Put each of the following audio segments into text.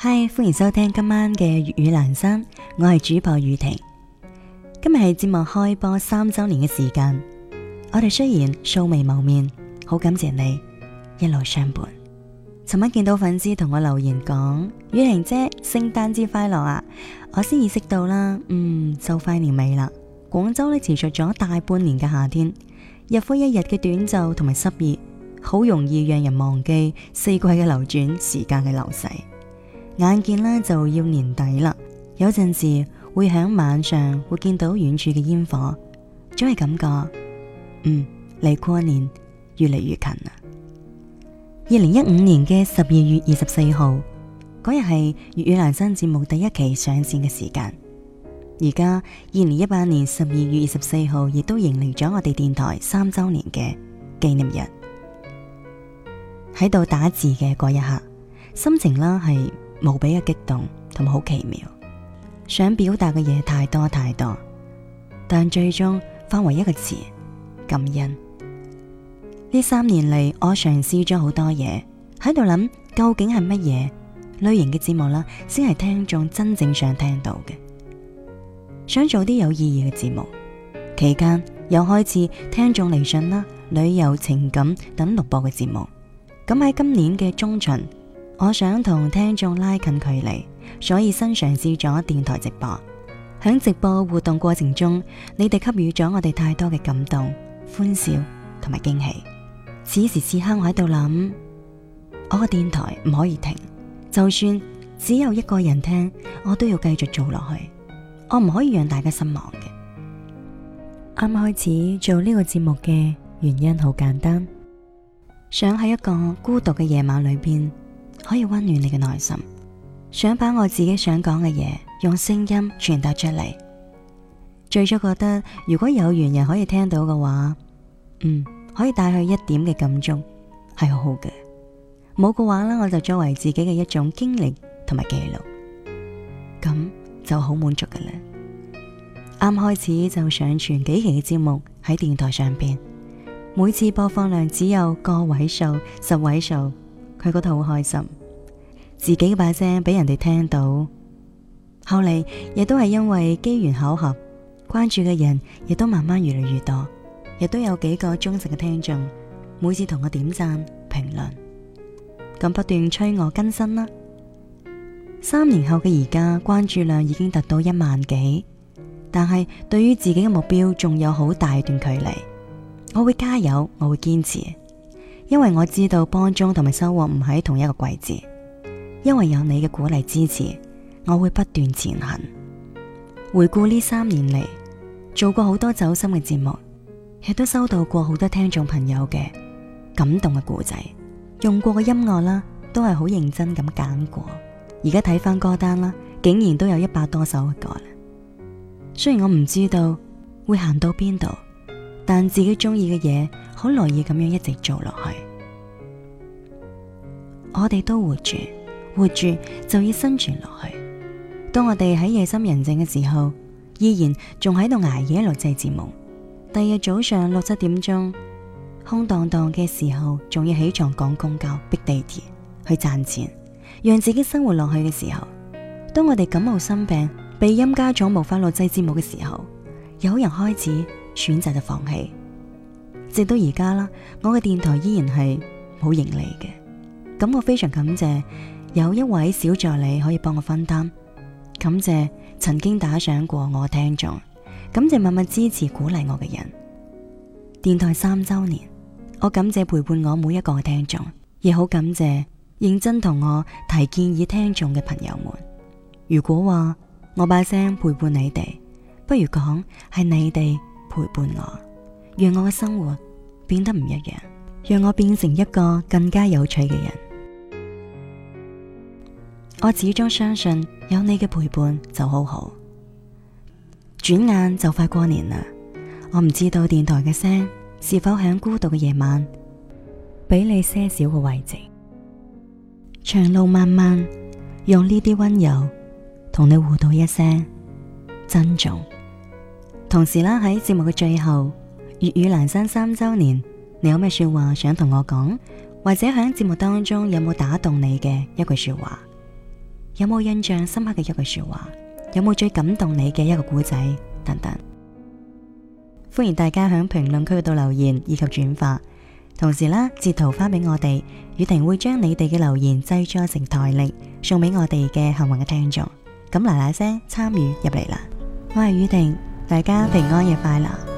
嗨，Hi, 歡迎收聽今晚嘅粵語闌珊，我係主播宇婷。今日係節目開播三周年嘅時間，我哋雖然素未謀面，好感謝你一路相伴。尋晚見到粉絲同我留言講，宇婷姐聖誕節快樂啊！我先意識到啦，嗯，就快年尾啦。廣州呢持續咗大半年嘅夏天，日復一日嘅短袖同埋濕熱，好容易讓人忘記四季嘅流轉，時間嘅流逝。眼見咧就要年底啦，有陣時會響晚上會見到遠處嘅煙火，總係感覺，嗯，離過年越嚟越近啦。二零一五年嘅十二月二十四號，嗰日係粵語闌珊節目第一期上線嘅時間。而家二零一八年十二月二十四號亦都迎嚟咗我哋電台三周年嘅紀念日。喺度打字嘅嗰一刻，心情啦係。無比嘅激動同埋好奇妙，想表達嘅嘢，太多太多，但最終化為一個詞，感恩。呢三年嚟，我嘗試咗好多嘢，喺度諗究竟係乜嘢類型嘅節目啦，先係聽眾真正想聽到嘅。想做啲有意義嘅節目，期間有開設聽眾嚟信啦，旅遊、情感等錄播嘅節目。咁喺今年嘅中旬，我想同聽眾拉近距離，所以新嘗試咗電台直播。響直播活動過程中，你哋給予咗我哋太多嘅感動、歡笑同埋驚喜。此時此刻我，我喺度諗，我個電台唔可以停，就算只有一個人聽，我都要繼續做落去。我唔可以讓大家失望嘅。啱開始做呢個節目嘅原因好簡單，想喺一個孤獨嘅夜晚裏邊。可以溫暖你嘅內心，想把我自己想講嘅嘢用聲音傳達出嚟，最初覺得如果有緣人可以聽到嘅話，嗯，可以帶去一點嘅感觸係好好嘅。冇嘅話咧，我就作為自己嘅一種經歷同埋記錄，咁就好滿足嘅啦。啱開始就上傳幾期嘅節目喺電台上邊，每次播放量只有個位數、十位數。佢覺得好開心，自己嘅把聲俾人哋聽到，後嚟亦都係因為機緣巧合，關注嘅人亦都慢慢越嚟越多，亦都有幾個忠誠嘅聽眾，每次同我點讚評論，咁不斷催我更新啦。三年後嘅而家，關注量已經達到一萬幾，但係對於自己嘅目標仲有好大段距離，我會加油，我會堅持。因為我知道幫中同埋收穫唔喺同一個季節，因為有你嘅鼓勵支持，我會不斷前行。回顧呢三年嚟做過好多走心嘅節目，亦都收到過好多聽眾朋友嘅感動嘅故仔，用過嘅音樂啦都係好認真咁揀過。而家睇翻歌單啦，竟然都有一百多首嘅歌啦。雖然我唔知道會行到邊度，但自己中意嘅嘢。好樂意咁樣一直做落去，我哋都活住，活住就要生存落去。當我哋喺夜深人靜嘅時候，依然仲喺度捱夜錄製節目，第二日早上六七點鐘，空蕩蕩嘅時候，仲要起床趕公交、逼地鐵去賺錢，讓自己生活落去嘅時候，當我哋感冒生病、鼻音加重無法錄製節目嘅時候，有人開始選擇就放棄。直到而家啦，我嘅電台依然係冇盈利嘅，咁我非常感謝有一位小助理可以幫我分擔，感謝曾經打賞過我聽眾，感謝默默支持鼓勵我嘅人。電台三周年，我感謝陪伴我每一個聽眾，也好感謝認真同我提建議聽眾嘅朋友們。如果話我把聲陪伴你哋，不如講係你哋陪伴我，讓我嘅生活。變得唔一樣，讓我變成一個更加有趣嘅人。我始終相信，有你嘅陪伴就好好。轉眼就快過年啦，我唔知道電台嘅聲音是否響孤獨嘅夜晚，俾你些少嘅慰藉。長路漫漫，用呢啲溫柔同你互道一聲珍重。同時啦，喺節目嘅最後。粵語闌珊三周年，你有咩說話想同我講？或者喺節目當中有冇打動你嘅一句說話？有冇印象深刻嘅一句說話？有冇最感動你嘅一個故仔？等等，歡迎大家喺評論區度留言以及轉發，同時啦，截圖翻俾我哋，宇婷會將你哋嘅留言製作成台曆送俾我哋嘅幸運嘅聽眾。咁嗱嗱聲參與入嚟啦！我係宇婷，大家平安夜快樂。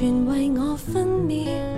全為我分秒。